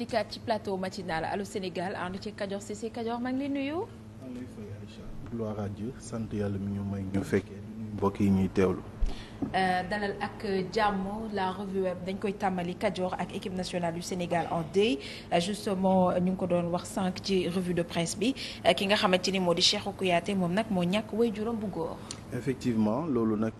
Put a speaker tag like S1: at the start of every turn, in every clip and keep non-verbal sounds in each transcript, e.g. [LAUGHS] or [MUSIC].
S1: dikkaat ci plateau matinal Allô Sénégal ànd ci Kajoor Cissé Kajoor maa ngi lay nuyu.
S2: maa sant yàlla mi ñu may ñu mbokk yi ñuy teewlu.
S1: Euh, dalal ak jàmm la revue web dañ koy tàmbali Kajoor ak équipe nationale du Sénégal en deuil euh, justement ñu ngi ko doon wax sànq ci revue de presse bi euh, ki nga xamante ni moo di Cheikhou Kouyaté moom nag moo ñàkk woy juróom bu góor.
S2: effectivement loolu nag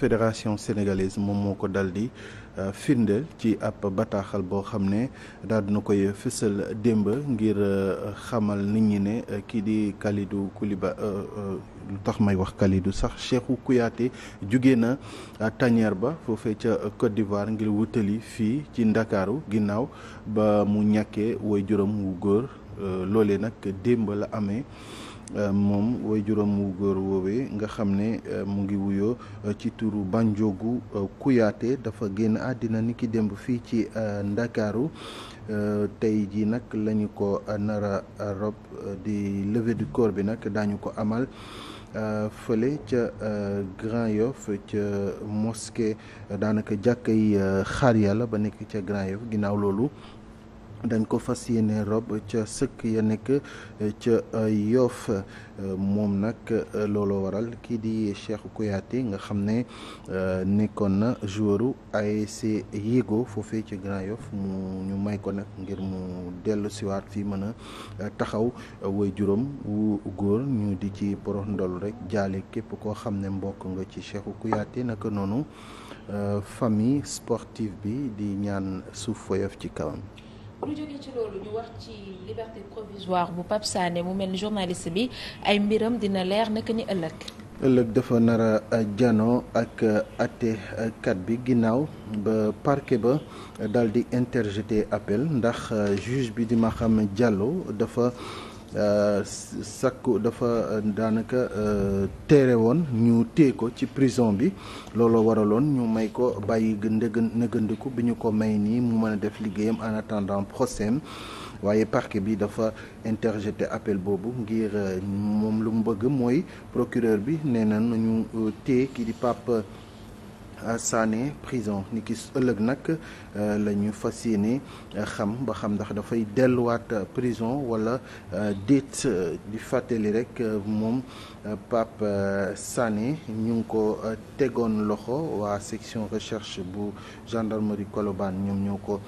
S2: fédération sénégalaise moom moo ko dal di. Euh, firndeel ci ab bataaxal boo xam ne daal dina koy fësal démb ngir euh, xamal nit ñi ne euh, kii di Kalidou Koulibaly lu tax may wax Kalidou sax Cheikhou Kouyaté jugee na tanière ba foofee ca Côte d'Ivoire ngir wutali fii ci Ndakaaru ginnaaw ba mu ñàkkee woy juróom wu góor loolee nag démb la amee Euh, moom way juróom wu góor woowee nga xam ne euh, mu ngi wuyoo euh, ci turu Banjogu Kuyaate dafa génn àddina ni ki démb fii ci Ndakaaru tey jii nag lañu ko nara rob di levée du corps bi nag daañu ko amal fële ca Grand Yoff ca mosquée daanaka jàkkay xaar yàlla ba nekk ca Grand Yoff ginnaaw loolu dañ ko fas yéene robb ca sëkk ya nekk eh, ca eh, yof eh, moom nag looloo waral kii di Cheikh Kouyaté nga xam ne nekkoon na joueuru ASC Yego foofee ci Grand yof mu ñu may ko nag ngir mu dellu siwaat fii mën a taxaw way juróom wu góor ñu di ci porox ndol rek jaale képp koo xam ne mbokk nga ci Cheikh Kouyaté naka noonu famille sportive bi di ñaan suuf woyof ci kawam
S1: lu jógee ci loolu ñu wax ci liberté provisoire bu Pape Sané mu mel ni journaliste bi ay mbiram dina leer naka ni ëllëg.
S2: ëllëg dafa nar a jano ak àttekat bi ginnaaw ba parquet ba daal di interjeté appel ndax juge bi di Maham Diallo dafa. Euh, sakku dafa euh, daanaka euh, téere woon ñu téye ko ci prison bi looloo waraloon ñu may ko bàyyi ndëgën nëgëndiku bi ñu ko may nii mu mën a def liggéeyam en attendant procès waaye parquet bi dafa interjeté appel boobu ngir moom lu mu bëgg mooy procureur bi nee na ñu téye kii di Pape Sané prison ni ki ëllëg nag euh, la ñu fas yéene euh, xam ba xam ndax dafay delluwaat euh, prison wala déet di fàttali rek moom Pape Sané ñu ngi ko tegoon loxo waa section recherche bu gendarmerie Colobane ñoom ñoo ko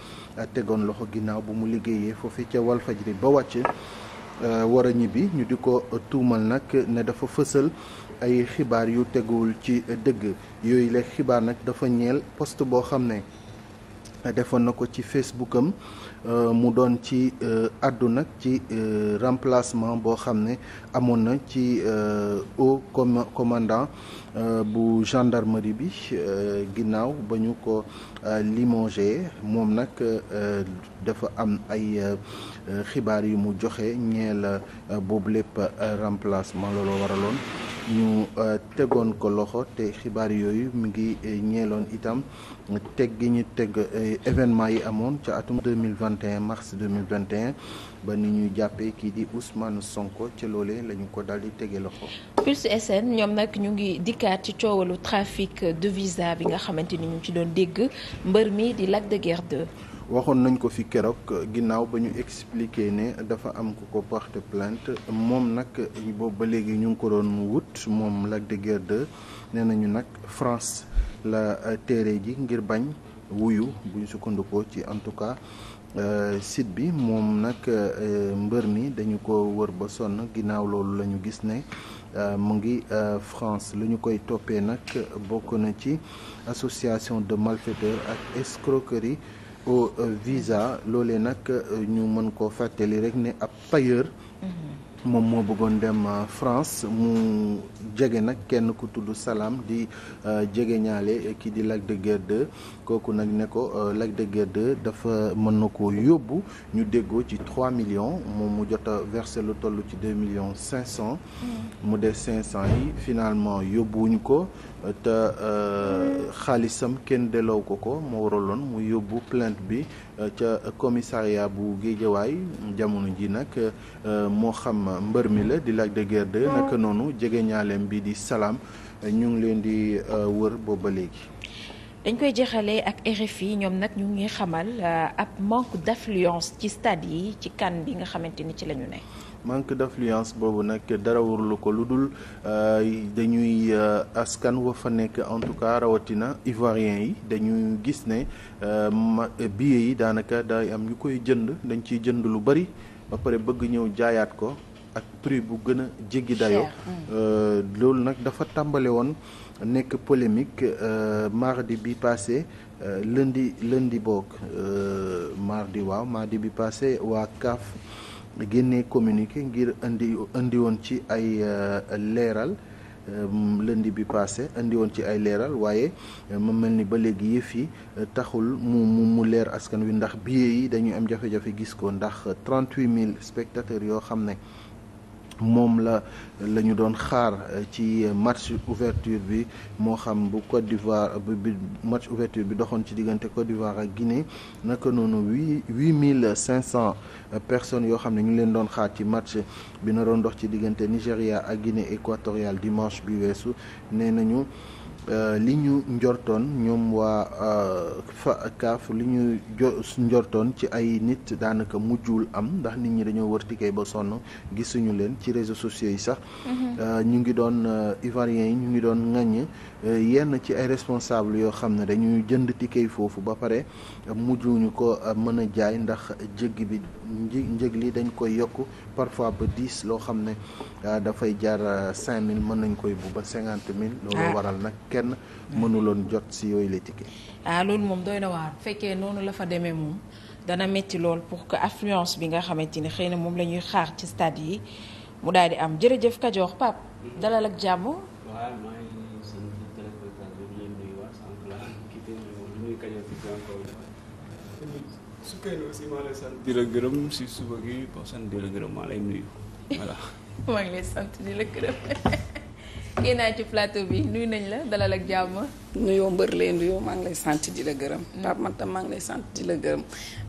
S2: tegoon loxo ginnaaw bu mu liggéeyee foofu ca Walfajri ba wàcc war a ñibbi ñu di ko tuumal nag ne dafa fësal. ay xibaar yu teguwul ci dëgg yooyu la xibaar nag dafa ñeel poste boo xam ne defoon na ko ci Facebook am euh, mu doon ci euh, àddu nag ci euh, remplacement boo xam ne amoon na ci haut commandant bu gendarmerie bi ginnaaw ba ñu ko limogé moom nag dafa am ay xibaar yu mu joxe ñeel boobu lépp remplacement looloo waraloon ñu euh, tegoon ko loxo te xibaar yooyu mu ngi euh, ñeeloon itam teg gi ñu teg euh, événement yi amoon ca atum 2021 mars 2021 ba ni ñuy jàppee kii di Ousmane Sonko ca loolee la ñu ko daal di tege loxo.
S1: Pulse SN ñoom nag ñu ngi dikkaat ci coowalu trafic de visa bi nga xamante ni ñu ci doon dégg mbër mi di Lac de Guerre 2
S2: waxoon nañ ko fi keroog ginnaaw ba ñu expliquer ne dafa am ku ko porte plante moom nag boobu ba léegi ñu ngi ko doon wut moom Lac de Guiers 2 nee nañu nag France la euh, téere ji ngir bañ wuyu bu ñu sukkandikoo ci en tout cas euh, site bi moom nag euh, mbër ni dañu ko wër ba sonn ginnaaw loolu la ñu gis ne mu ngi France lu ñu koy toppee nag bokk na ci association de malfaiteurs ak escroquerie au euh, visa loole nag euh, ñu mën koo fàttali rek ne ab payeur mhm. moom moo bëggoon dem euh, France mu jege nag kenn ku tudd salaam di jege ñaale kii di Lac de kooku nag ne ko Lac de dafa mën na ko yóbbu ñu déggoo ci 3 millions moom mu jot a lu toll ci 2 millions 500. Mhm. mu des 500 yi finalement yóbbuwuñ ko. te euh, xaalisam kenn delloo ko ko moo waraloon mu yóbbu plainte bi euh, ca commissariat bu Géejawaay jamono ji nag euh, moo xam mbër mi la di Lac de Guiers naka noonu jege ñaaleem bi di salaam ñu ngi leen di wër booba léegi
S1: dañ koy jeexalee ak yi ñoom nag ñu ngi xamal euh, ab manque d'affluence ci stade yi ci kan bi nga xamante ni ci la ñu ne.
S2: manque d'affluence boobu nag dara warulu ko lu dul euh, dañuy euh, askan wa fa nekk en tout cas rawatina ivoiriens yi dañuy gis ne billets yi daanaka day am ñu koy jënd dañ ciy jënd lu bari ba pare bëgg ñëw jaayaat ko. ak prix bu gën a jéggi dayoo euh, loolu nag dafa tàmbale woon nekk polémique euh, mardi bi passé euh, lundi lundi boog mardi waaw mardi bi passé waa CAF génnee communiqué ngir indi indi woon ci ay leeral lundi bi passé indi woon ci ay leeral waaye ma mel ni ba léegi yëf yi taxul mu mu leer askan wi ndax billets yi dañuy am jafe-jafe gis ko ndax trent 38000 spectateurs yoo xam ne moom la la ñu doon xaar euh, ci euh, match ouverture bi moo xam bu Côte d'Ivoire euh, bi match ouverture bi doxoon ci diggante Côte d'Ivoire ak Guinée naka noonu huit huit mille cinq cent personnes yoo xam ne ñu leen doon xaar ci match bi na doon dox ci diggante Nigéria ak Guinée équatoriale dimanche bi weesu nee nañu. Euh, li ñu njortoon ñoom waa euh, fa kaaf li ñu jo njortoon ci ay nit daanaka mujjul am ndax nit ñi dañoo wër tikkee ba sonn gisuñu leen ci réseaux sociaux yi sax. Mhm. Euh, ñu ngi doon ivoiriens yi ñu ngi doon ŋaññ yenn ci ay responsables yoo xam ne dañuy jënd tikkee foofu ba pare mujj mujjuñu ko mën a jaay ndax jëgg bi njëg li dañ koy yokk parfois ba dix loo xam ne dafay jar cinq mille mën nañ koy bu cinquante mille. loolu ah. waral nag. kenn mënuloon jot si yooyu les tickets
S1: ah loolu moom doy na waar fekkee noonu la fa demee moom dana métti lool pour que affluence bi nga xamante ni xëy na moom la ñuy xaar ci stade yi mu daal di am jërëjëf Kajoor Pape dalal ak jàmm sukkay na aussi maa lay sant di la gërëm si suba [LAUGHS] [LAUGHS] kii naa ci plateau bi nuyu nañ la dalal ak jàmm. nuyoo mbër leen nuyoo maa ngi lay sant di la gërëm. Mm. Pape Matam maa ngi lay sant di la gërëm.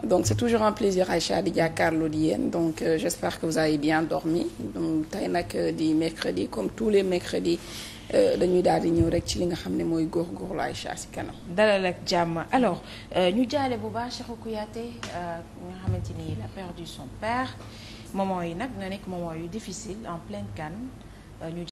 S1: donc c' toujours en plaisir Aïcha di jàkkaarloo di yéen donc euh, j' espère que vous avez bien dormi donc tey nag euh, di mercredi comme tous les mercredis. Euh, dañuy daal di ñëw rek ci li nga xam ne mooy góor ay Aïcha si kanam. dalal ak jàmm alors euh, ñu jaale bu baax Cheikhou Kouyaté nga xamante ni il a perdu son père moment yi nag na nekk moment yu difficile en pleine canne